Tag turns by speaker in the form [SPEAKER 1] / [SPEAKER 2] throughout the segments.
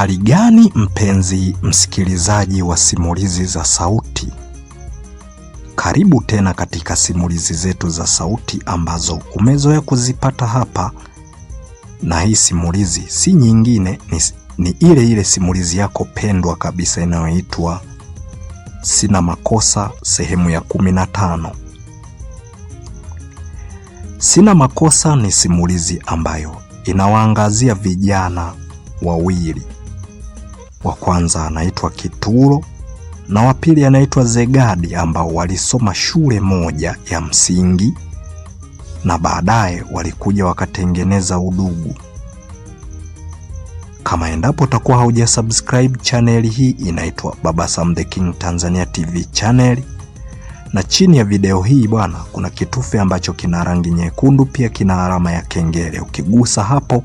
[SPEAKER 1] Habari gani mpenzi msikilizaji wa simulizi za sauti, karibu tena katika simulizi zetu za sauti ambazo umezoea kuzipata hapa, na hii simulizi si nyingine, ni, ni ile ile simulizi yako pendwa kabisa inayoitwa Sina Makosa sehemu ya kumi na tano. Sina Makosa ni simulizi ambayo inawaangazia vijana wawili wa kwanza anaitwa Kituro na wa pili anaitwa Zegadi ambao walisoma shule moja ya msingi na baadaye walikuja wakatengeneza udugu. Kama endapo utakuwa hauja subscribe chaneli hii inaitwa Baba Sam the King Tanzania TV channel, na chini ya video hii bwana, kuna kitufe ambacho kina rangi nyekundu, pia kina alama ya kengele. Ukigusa hapo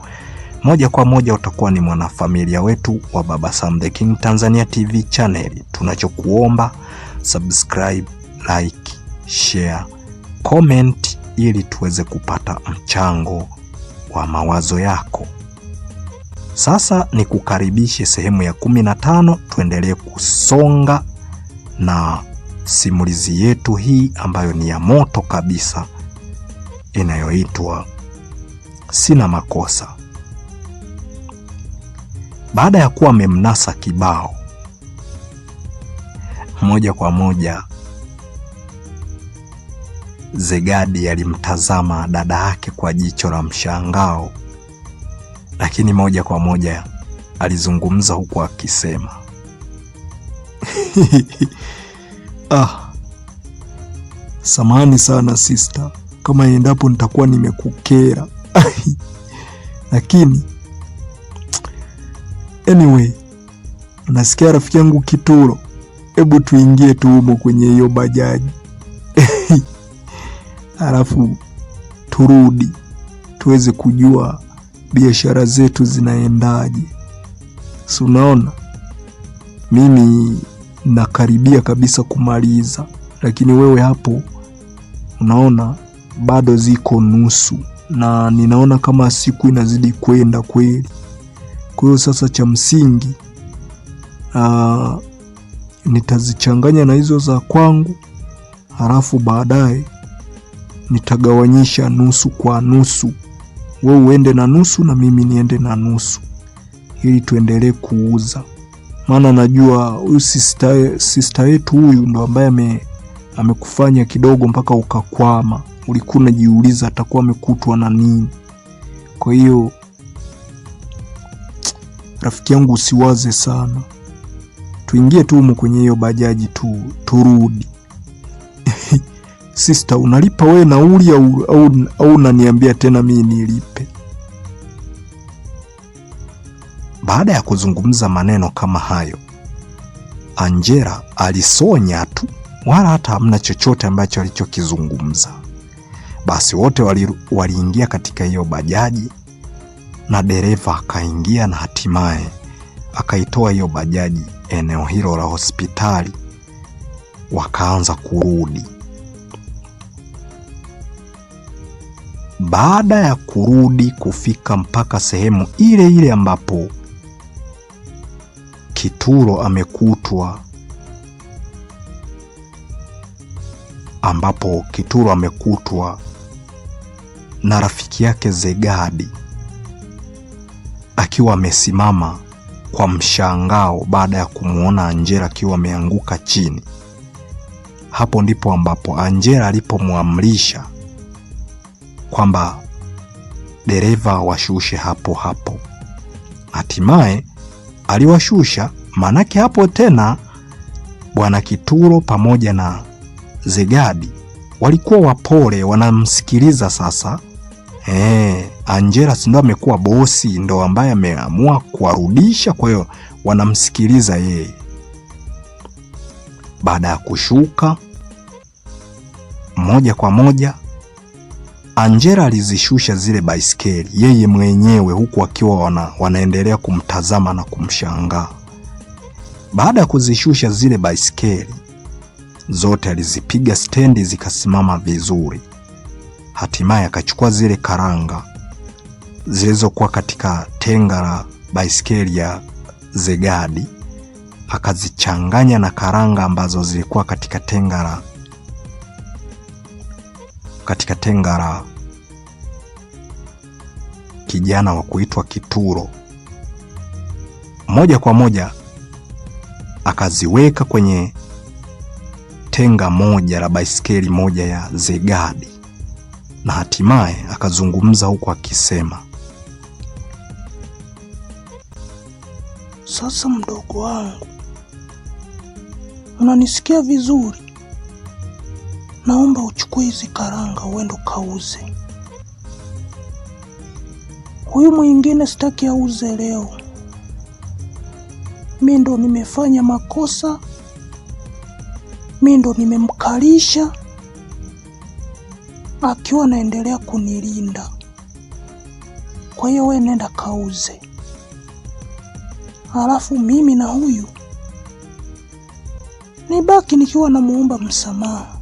[SPEAKER 1] moja kwa moja utakuwa ni mwanafamilia wetu wa Baba Sam the King Tanzania TV channel. Tunachokuomba subscribe, like, share, comment ili tuweze kupata mchango wa mawazo yako. Sasa ni kukaribishe sehemu ya kumi na tano, tuendelee kusonga na simulizi yetu hii ambayo ni ya moto kabisa inayoitwa Sina Makosa baada ya kuwa amemnasa kibao moja kwa moja. Zegadi alimtazama dada yake kwa jicho la mshangao, lakini moja kwa moja alizungumza huku akisema
[SPEAKER 2] ah, samahani sana sista, kama endapo nitakuwa nimekukera lakini Anyway, unasikia rafiki yangu Kituro, hebu tuingie tu humo kwenye hiyo bajaji halafu turudi tuweze kujua biashara zetu zinaendaje. Si unaona mimi nakaribia kabisa kumaliza, lakini wewe hapo unaona bado ziko nusu, na ninaona kama siku inazidi kwenda kweli. Kwa hiyo sasa cha msingi ah, nitazichanganya na hizo za kwangu, halafu baadaye nitagawanyisha nusu kwa nusu, we uende na nusu na mimi niende na nusu, ili tuendelee kuuza. Maana najua huyu sista yetu huyu ndo ambaye ame amekufanya kidogo mpaka ukakwama, ulikuwa unajiuliza atakuwa amekutwa na nini. Kwa hiyo rafiki yangu, usiwaze sana, tuingie tu humu kwenye hiyo bajaji tu turudi. Sister, unalipa we nauli au, au, au unaniambia tena mimi nilipe?
[SPEAKER 1] Baada ya kuzungumza maneno kama hayo, Angela alisonya tu, wala hata hamna chochote ambacho alichokizungumza. Basi wote waliingia wali katika hiyo bajaji na dereva akaingia na hatimaye akaitoa hiyo bajaji eneo hilo la hospitali, wakaanza kurudi. Baada ya kurudi kufika mpaka sehemu ile ile ambapo Kituro amekutwa ambapo Kituro amekutwa na rafiki yake Zegadi akiwa amesimama kwa mshangao baada ya kumwona Angela akiwa ameanguka chini. Hapo ndipo ambapo Angela alipomwamrisha kwamba dereva washushe hapo hapo. Hatimaye aliwashusha, maanake hapo tena bwana Kituro pamoja na Zegadi walikuwa wapole, wanamsikiliza sasa Eh, Angela ndo amekuwa bosi, ndo ambaye ameamua kuwarudisha, kwa hiyo wanamsikiliza yeye. Baada ya kushuka moja kwa moja, Angela alizishusha zile baiskeli yeye mwenyewe, huku akiwa wana, wanaendelea kumtazama na kumshangaa. Baada ya kuzishusha zile baiskeli zote, alizipiga stendi zikasimama vizuri. Hatimaye akachukua zile karanga zilizokuwa katika tenga la baiskeli ya Zegadi akazichanganya na karanga ambazo zilikuwa katika tenga la katika tenga la kijana wa kuitwa Kituro, moja kwa moja akaziweka kwenye tenga moja la baiskeli moja ya Zegadi na hatimaye akazungumza huku akisema,
[SPEAKER 3] sasa mdogo wangu, unanisikia vizuri? Naomba uchukue hizi karanga uende kauze Huyu mwingine sitaki auze leo, mi ndo nimefanya makosa, mi ndo nimemkalisha akiwa anaendelea kunilinda. Kwa hiyo we nenda kauze, halafu mimi na huyu nibaki nikiwa namuomba msamaha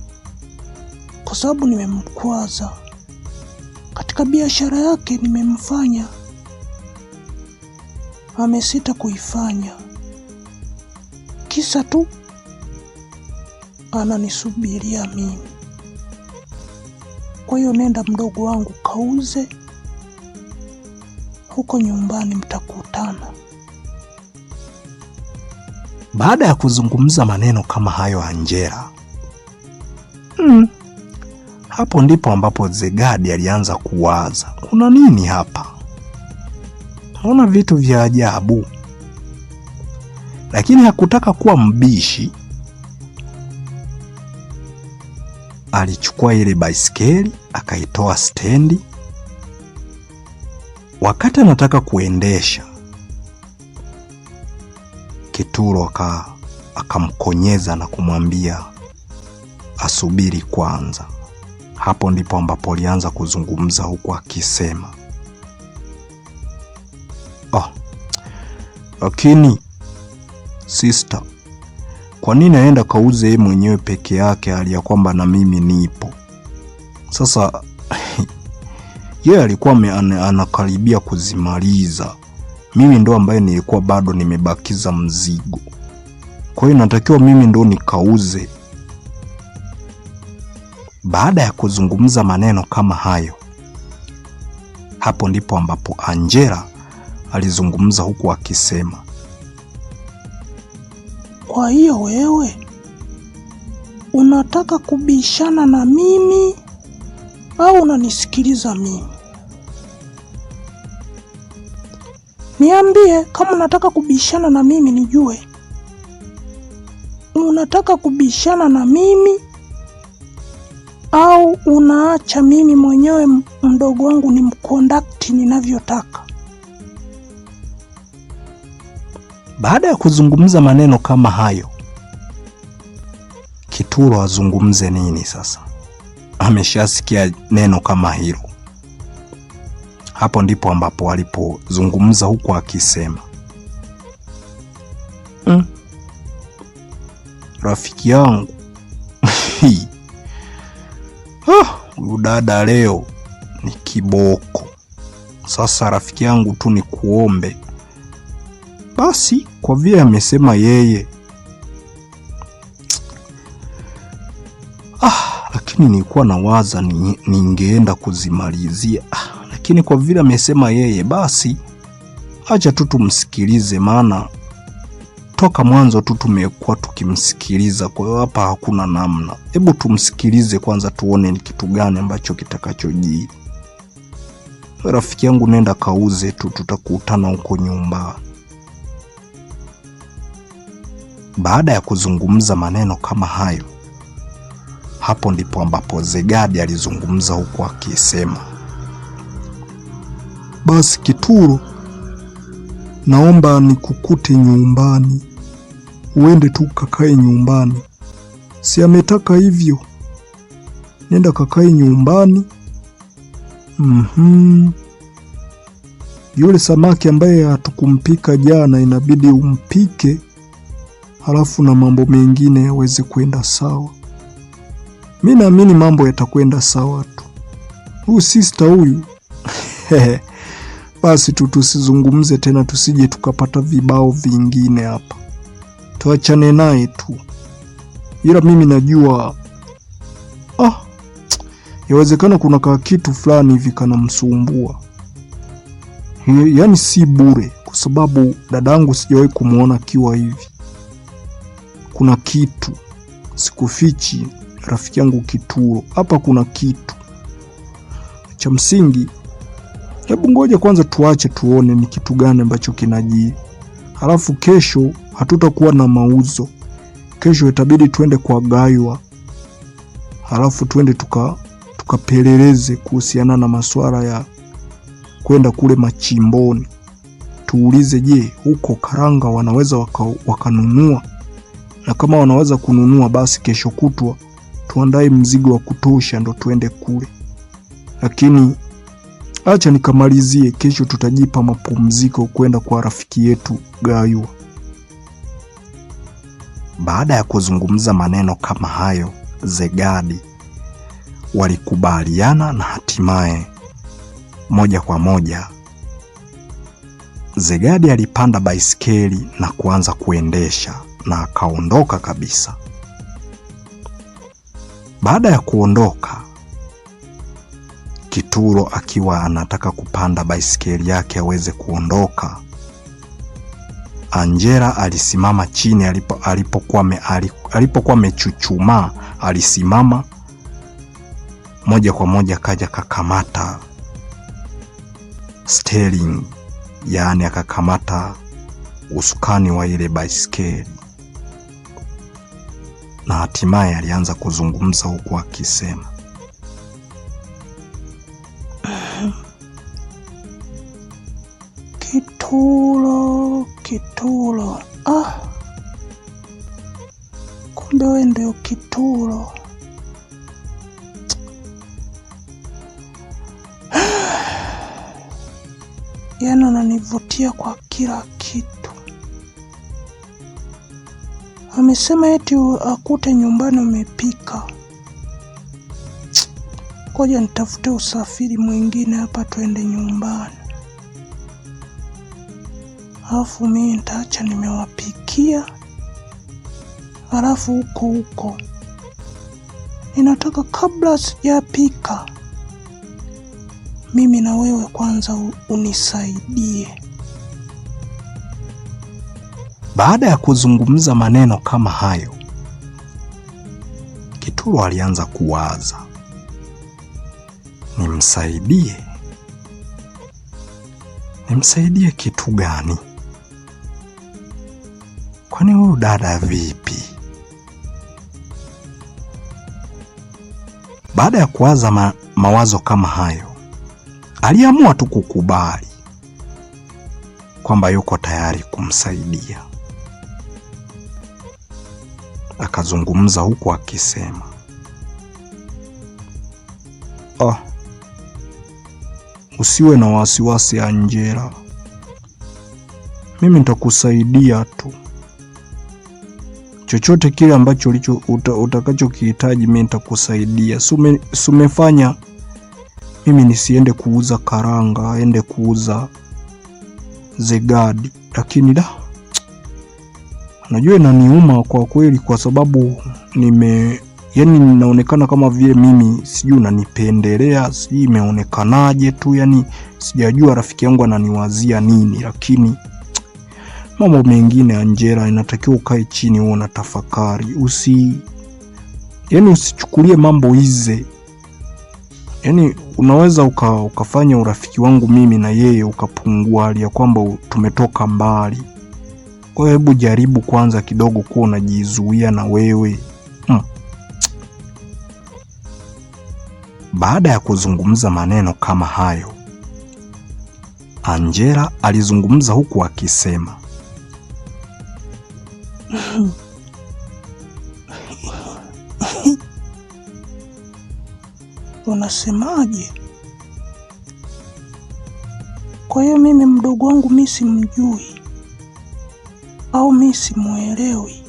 [SPEAKER 3] kwa sababu nimemkwaza katika biashara yake, nimemfanya amesita kuifanya, kisa tu ananisubiria mimi. Kwa hiyo nenda mdogo wangu kauze huko nyumbani, mtakutana.
[SPEAKER 1] Baada ya kuzungumza maneno kama hayo Angela, hmm, hapo ndipo ambapo Zegadi alianza kuwaza, kuna nini hapa? Naona vitu vya ajabu, lakini hakutaka kuwa mbishi alichukua ile baisikeli akaitoa stendi. Wakati anataka kuendesha Kituro aka akamkonyeza na kumwambia asubiri kwanza. Hapo ndipo ambapo alianza kuzungumza huku akisema
[SPEAKER 2] oh, lakini sister kwa nini aenda kauze yeye mwenyewe peke yake, hali ya kwamba na mimi nipo? Sasa yeye alikuwa anakaribia kuzimaliza, mimi ndo ambaye nilikuwa bado nimebakiza mzigo. Kwa hiyo natakiwa mimi ndo nikauze.
[SPEAKER 1] Baada ya kuzungumza maneno kama hayo, hapo ndipo ambapo Angela alizungumza huku akisema
[SPEAKER 3] kwa hiyo wewe unataka kubishana na mimi au unanisikiliza mimi? Niambie kama unataka kubishana na mimi nijue. Unataka kubishana na mimi au unaacha mimi mwenyewe mdogo wangu ni mkondakti ninavyotaka?
[SPEAKER 1] Baada ya kuzungumza maneno kama hayo, Kituro azungumze nini sasa? Ameshasikia neno kama hilo. Hapo ndipo ambapo alipozungumza huku akisema
[SPEAKER 2] mm, rafiki yangu ah, huyu dada leo ni kiboko. Sasa rafiki yangu tu, ni kuombe basi kwa vile amesema yeye ah, lakini nilikuwa na waza ningeenda ni kuzimalizia ah, lakini kwa vile amesema yeye basi acha tu tumsikilize, maana toka mwanzo tu tumekuwa tukimsikiliza. Kwa hiyo hapa hakuna namna. Hebu tumsikilize kwanza, tuone ni kitu gani ambacho kitakachojii Rafiki yangu, nenda kauze tu, tutakutana huko nyumbani.
[SPEAKER 1] Baada ya kuzungumza maneno kama hayo, hapo ndipo ambapo Zegadi alizungumza huku akisema,
[SPEAKER 2] basi Kituro, naomba nikukute nyumbani, uende tu kakae nyumbani. Si ametaka hivyo, nenda kakae nyumbani. mm -hmm. Yule samaki ambaye hatukumpika jana inabidi umpike halafu na mambo mengine yaweze kwenda sawa. Mi naamini mambo yatakwenda sawa tu. Huyu sista huyu basi tu tusizungumze tena, tusije tukapata vibao vingine hapa, tuachane naye tu, ila mimi najua ah, yawezekana kuna kaa kitu fulani hivi kanamsumbua, yaani si bure, kwa sababu dadangu sijawahi kumwona akiwa hivi. Kuna kitu sikufichi, rafiki yangu kituo. Hapa kuna kitu cha msingi. Hebu ngoja kwanza tuache tuone ni kitu gani ambacho kinajii halafu kesho hatutakuwa na mauzo. Kesho itabidi tuende kwa Gaiwa, halafu tuende tuka tukapeleleze kuhusiana na masuala ya kwenda kule machimboni, tuulize, je, huko karanga wanaweza waka, wakanunua na kama wanaweza kununua, basi kesho kutwa tuandae mzigo wa kutosha ndo tuende kule, lakini acha nikamalizie. Kesho tutajipa mapumziko kwenda kwa rafiki yetu Gayua.
[SPEAKER 1] Baada ya kuzungumza maneno kama hayo, Zegadi walikubaliana na hatimaye moja kwa moja Zegadi alipanda baisikeli na kuanza kuendesha na akaondoka kabisa. Baada ya kuondoka, Kituro akiwa anataka kupanda baisikeli yake aweze kuondoka, Angela alisimama chini alipokuwa alipo me, alipo amechuchumaa, alisimama moja kwa moja akaja akakamata steering, yaani akakamata usukani wa ile baisikeli na hatimaye alianza kuzungumza huku akisema,
[SPEAKER 3] Kitulo, Kitulo, ah, kumbe wewe ndio Kitulo. Yani unanivutia kwa kila Amesema eti akute nyumbani umepika. Koja nitafute usafiri mwingine hapa twende nyumbani. Alafu mi nitaacha nimewapikia. Alafu huko huko inatoka kabla sijapika mimi na wewe kwanza unisaidie.
[SPEAKER 1] Baada ya kuzungumza maneno kama hayo, Kituro alianza kuwaza, nimsaidie nimsaidie kitu gani? Kwani huyu dada vipi? Baada ya kuwaza ma mawazo kama hayo, aliamua tu kukubali kwamba yuko tayari kumsaidia akazungumza huku akisema,
[SPEAKER 2] ah, usiwe na wasiwasi Angela, mimi nitakusaidia tu chochote kile ambacho ulicho uta, utakachokihitaji mimi nitakusaidia. Sumefanya mimi nisiende kuuza karanga, aende kuuza zegadi, lakini da Najua inaniuma kwa kweli, kwa sababu nime yani ninaonekana kama vile mimi sijui unanipendelea, sijui imeonekanaje tu, yani sijajua rafiki yangu ananiwazia nini, lakini mambo mengine anjera inatakiwa ukae chini, uone na tafakari, usi yani usichukulie mambo hizi yani unaweza uka, ukafanya urafiki wangu mimi na yeye ukapungua, hali ya kwamba tumetoka mbali. Kwa hiyo hebu jaribu kwanza kidogo kuwa unajizuia na wewe hmm.
[SPEAKER 1] Baada ya kuzungumza maneno kama hayo, Angela alizungumza huku akisema
[SPEAKER 3] Unasemaje? Kwa hiyo mimi mdogo wangu mimi simjui au mi simuelewi?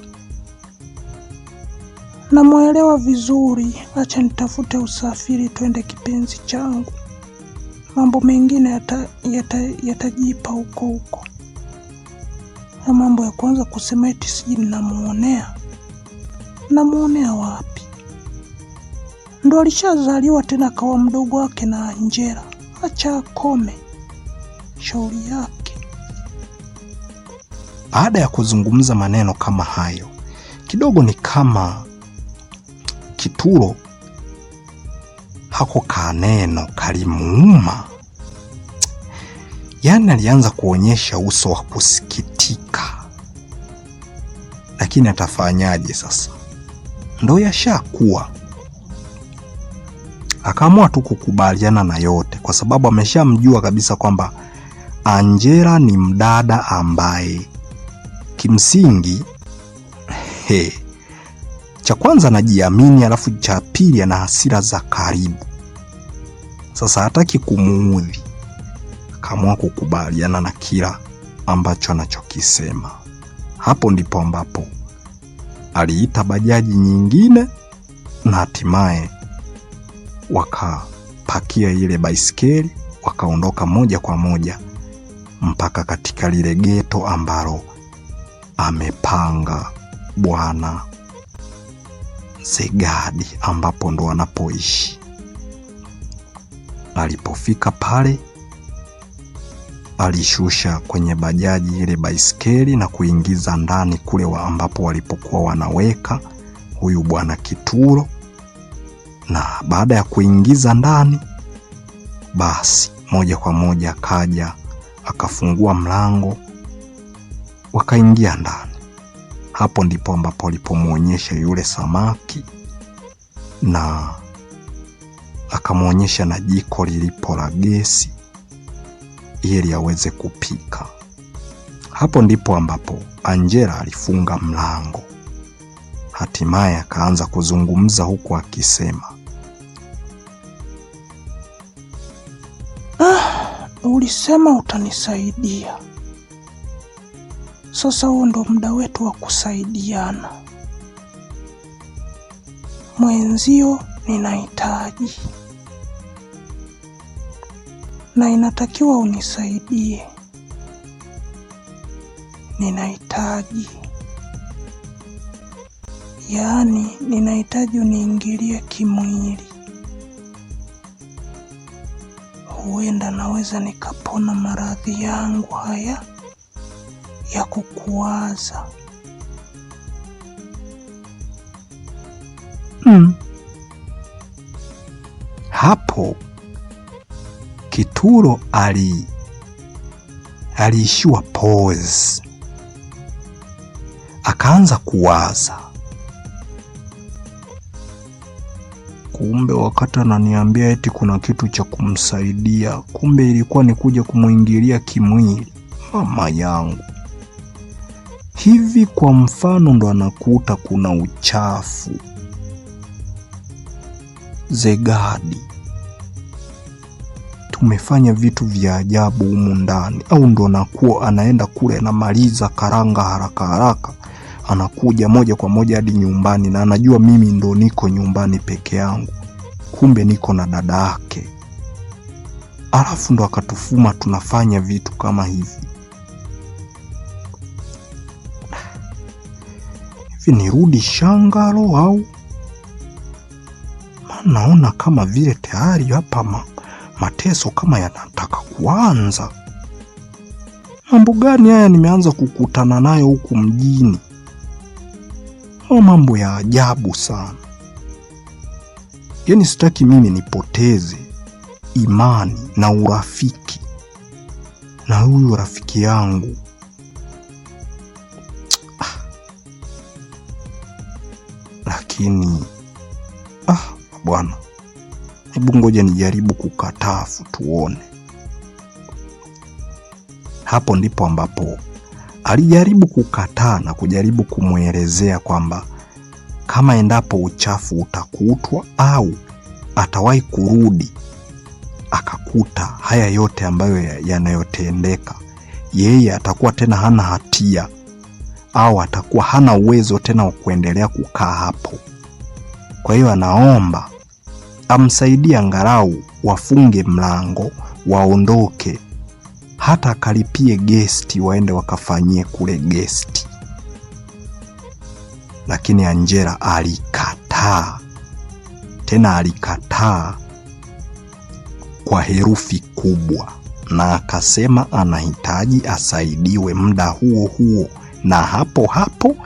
[SPEAKER 3] Namuelewa vizuri, acha nitafute usafiri twende kipenzi changu, mambo mengine yatajipa yata, yata huko huko. Na mambo ya kwanza kusema eti siji ninamuonea, namuonea wapi? Ndo alishazaliwa tena kawa mdogo wake na Angela, acha akome shauri yake.
[SPEAKER 1] Baada ya kuzungumza maneno kama hayo, kidogo ni kama Kituro hako kaneno kalimuuma, yaani alianza kuonyesha uso wa kusikitika. Lakini atafanyaje sasa? Ndo yashakuwa, akaamua tu kukubaliana na yote, kwa sababu ameshamjua kabisa kwamba Angela ni mdada ambaye kimsingi he, cha kwanza anajiamini, alafu cha pili ana hasira za karibu. Sasa hataki kumuudhi, akaamua kukubaliana na kila ambacho anachokisema. Hapo ndipo ambapo aliita bajaji nyingine na hatimaye wakapakia ile baisikeli wakaondoka moja kwa moja mpaka katika lile geto ambalo amepanga Bwana Segadi ambapo ndo anapoishi. Alipofika pale, alishusha kwenye bajaji ile baiskeli na kuingiza ndani kule wa ambapo walipokuwa wanaweka huyu bwana Kituro, na baada ya kuingiza ndani, basi moja kwa moja akaja akafungua mlango wakaingia ndani. Hapo ndipo ambapo alipomwonyesha yule samaki na akamwonyesha na jiko lilipo la gesi ili aweze kupika. Hapo ndipo ambapo Angela alifunga mlango. Hatimaye akaanza kuzungumza huku akisema,
[SPEAKER 3] ah, ulisema utanisaidia sasa huo ndo muda wetu wa kusaidiana. Mwenzio ninahitaji na inatakiwa unisaidie, ninahitaji yaani, ninahitaji uniingilie kimwili. Huenda naweza nikapona maradhi yangu haya ya kukuwaza mm.
[SPEAKER 1] Hapo Kituro ali aliishiwa pause, akaanza kuwaza,
[SPEAKER 2] kumbe wakati ananiambia eti kuna kitu cha kumsaidia, kumbe ilikuwa ni kuja kumwingilia kimwili. Mama yangu hivi. Kwa mfano, ndo anakuta kuna uchafu zegadi, tumefanya vitu vya ajabu humu ndani, au ndo anakuwa anaenda kule anamaliza karanga haraka haraka, anakuja moja kwa moja hadi nyumbani, na anajua mimi ndo niko nyumbani peke yangu, kumbe niko na dada yake alafu ndo akatufuma tunafanya vitu kama hivi. Hivi nirudi Shangalo au? Naona kama vile tayari hapa ma, mateso kama yanataka kuanza. Mambo gani haya nimeanza kukutana nayo huku mjini? Au mambo ya ajabu sana. Yaani sitaki mimi nipoteze imani na urafiki na huyu rafiki yangu lakini ah, bwana, hebu ngoja nijaribu kukataa afu tuone. Hapo ndipo ambapo alijaribu kukataa na kujaribu kumwelezea kwamba kama endapo uchafu utakutwa au atawahi kurudi akakuta haya yote ambayo yanayotendeka, yeye atakuwa tena hana hatia au atakuwa hana uwezo tena wa kuendelea kukaa hapo. Kwa hiyo anaomba amsaidie angalau wafunge mlango waondoke, hata akalipie gesti waende wakafanyie kule gesti. Lakini Angela alikataa, tena alikataa kwa herufi kubwa, na akasema anahitaji asaidiwe muda huo huo na hapo hapo,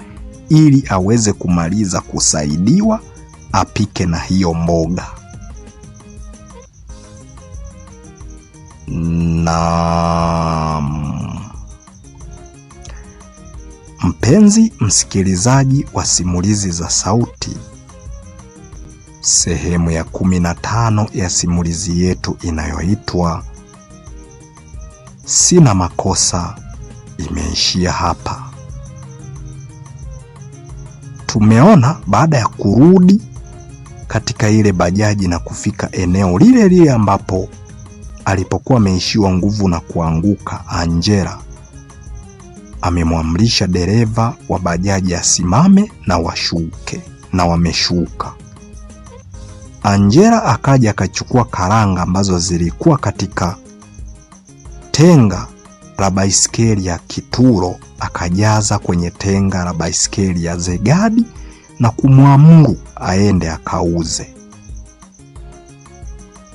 [SPEAKER 2] ili aweze kumaliza kusaidiwa apike na hiyo mboga na mm,
[SPEAKER 1] mpenzi msikilizaji wa simulizi za sauti, sehemu ya kumi na tano ya simulizi yetu inayoitwa Sina Makosa imeishia hapa. Tumeona baada ya kurudi katika ile bajaji na kufika eneo lile lile ambapo alipokuwa ameishiwa nguvu na kuanguka. Angela amemwamrisha dereva wa bajaji asimame na washuke, na wameshuka. Angela akaja akachukua karanga ambazo zilikuwa katika tenga la baiskeli ya Kituro, akajaza kwenye tenga la baiskeli ya Zegadi na kumwamuru aende akauze.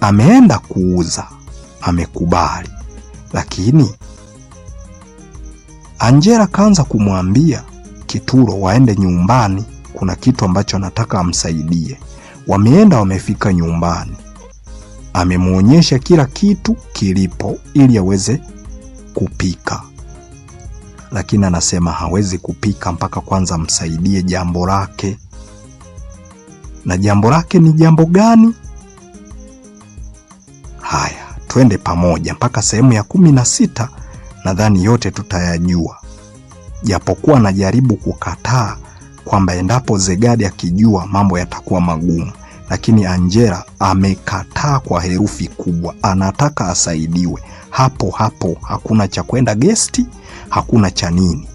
[SPEAKER 1] Ameenda kuuza, amekubali, lakini Angela kaanza kumwambia Kituro waende nyumbani, kuna kitu ambacho anataka amsaidie. Wameenda, wamefika nyumbani, amemwonyesha kila kitu kilipo ili aweze kupika, lakini anasema hawezi kupika mpaka kwanza amsaidie jambo lake na jambo lake ni jambo gani? Haya, twende pamoja mpaka sehemu ya kumi na sita. Nadhani yote tutayajua, japokuwa najaribu kukataa kwamba endapo Zegadi akijua mambo yatakuwa magumu, lakini Angela amekataa kwa herufi kubwa, anataka asaidiwe hapo hapo. Hakuna cha kwenda gesti, hakuna cha nini.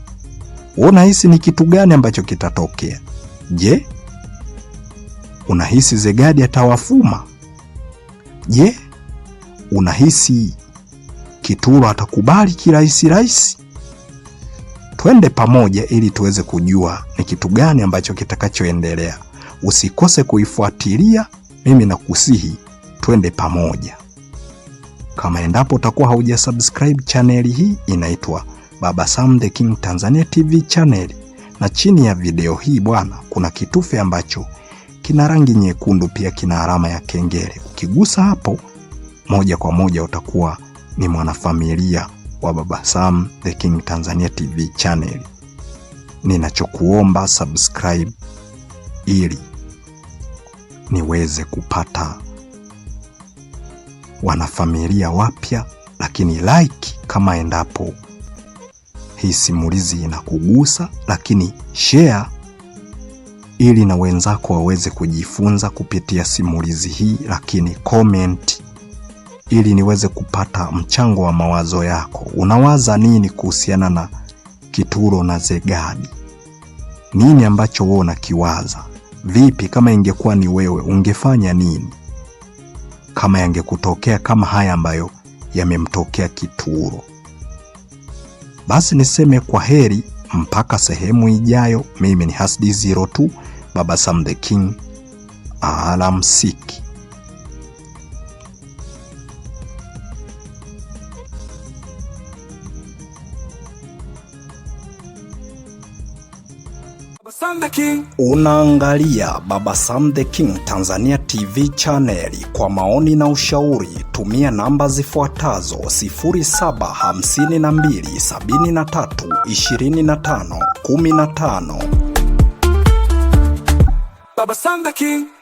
[SPEAKER 1] Unahisi ni kitu gani ambacho kitatokea? Je, Unahisi Zegadi atawafuma? Je, unahisi Kituro atakubali kirahisi rahisi? Twende pamoja ili tuweze kujua ni kitu gani ambacho kitakachoendelea. Usikose kuifuatilia. Mimi nakusihi twende pamoja. Kama endapo utakuwa subscribe chaneli hii, inaitwa Baba Sam The King Tanzania TV channel, na chini ya video hii bwana, kuna kitufe ambacho kina rangi nyekundu, pia kina alama ya kengele. Ukigusa hapo moja kwa moja utakuwa ni mwanafamilia wa Baba Sam The King Tanzania TV channel. Ninachokuomba subscribe ili niweze kupata wanafamilia wapya, lakini like kama endapo hii simulizi inakugusa, lakini share ili na wenzako waweze kujifunza kupitia simulizi hii, lakini comment ili niweze kupata mchango wa mawazo yako. Unawaza nini kuhusiana na Kituro na Zegadi? Nini ambacho wewe unakiwaza? Vipi kama ingekuwa ni wewe, ungefanya nini kama yangekutokea kama haya ambayo yamemtokea Kituro? Basi niseme kwa heri mpaka sehemu ijayo. Mimi ni Hasdi02 Baba Sam the King alamsiki. Unaangalia Baba Sam the King Tanzania TV channel. Kwa maoni na ushauri tumia namba zifuatazo 15. Baba Sam the King.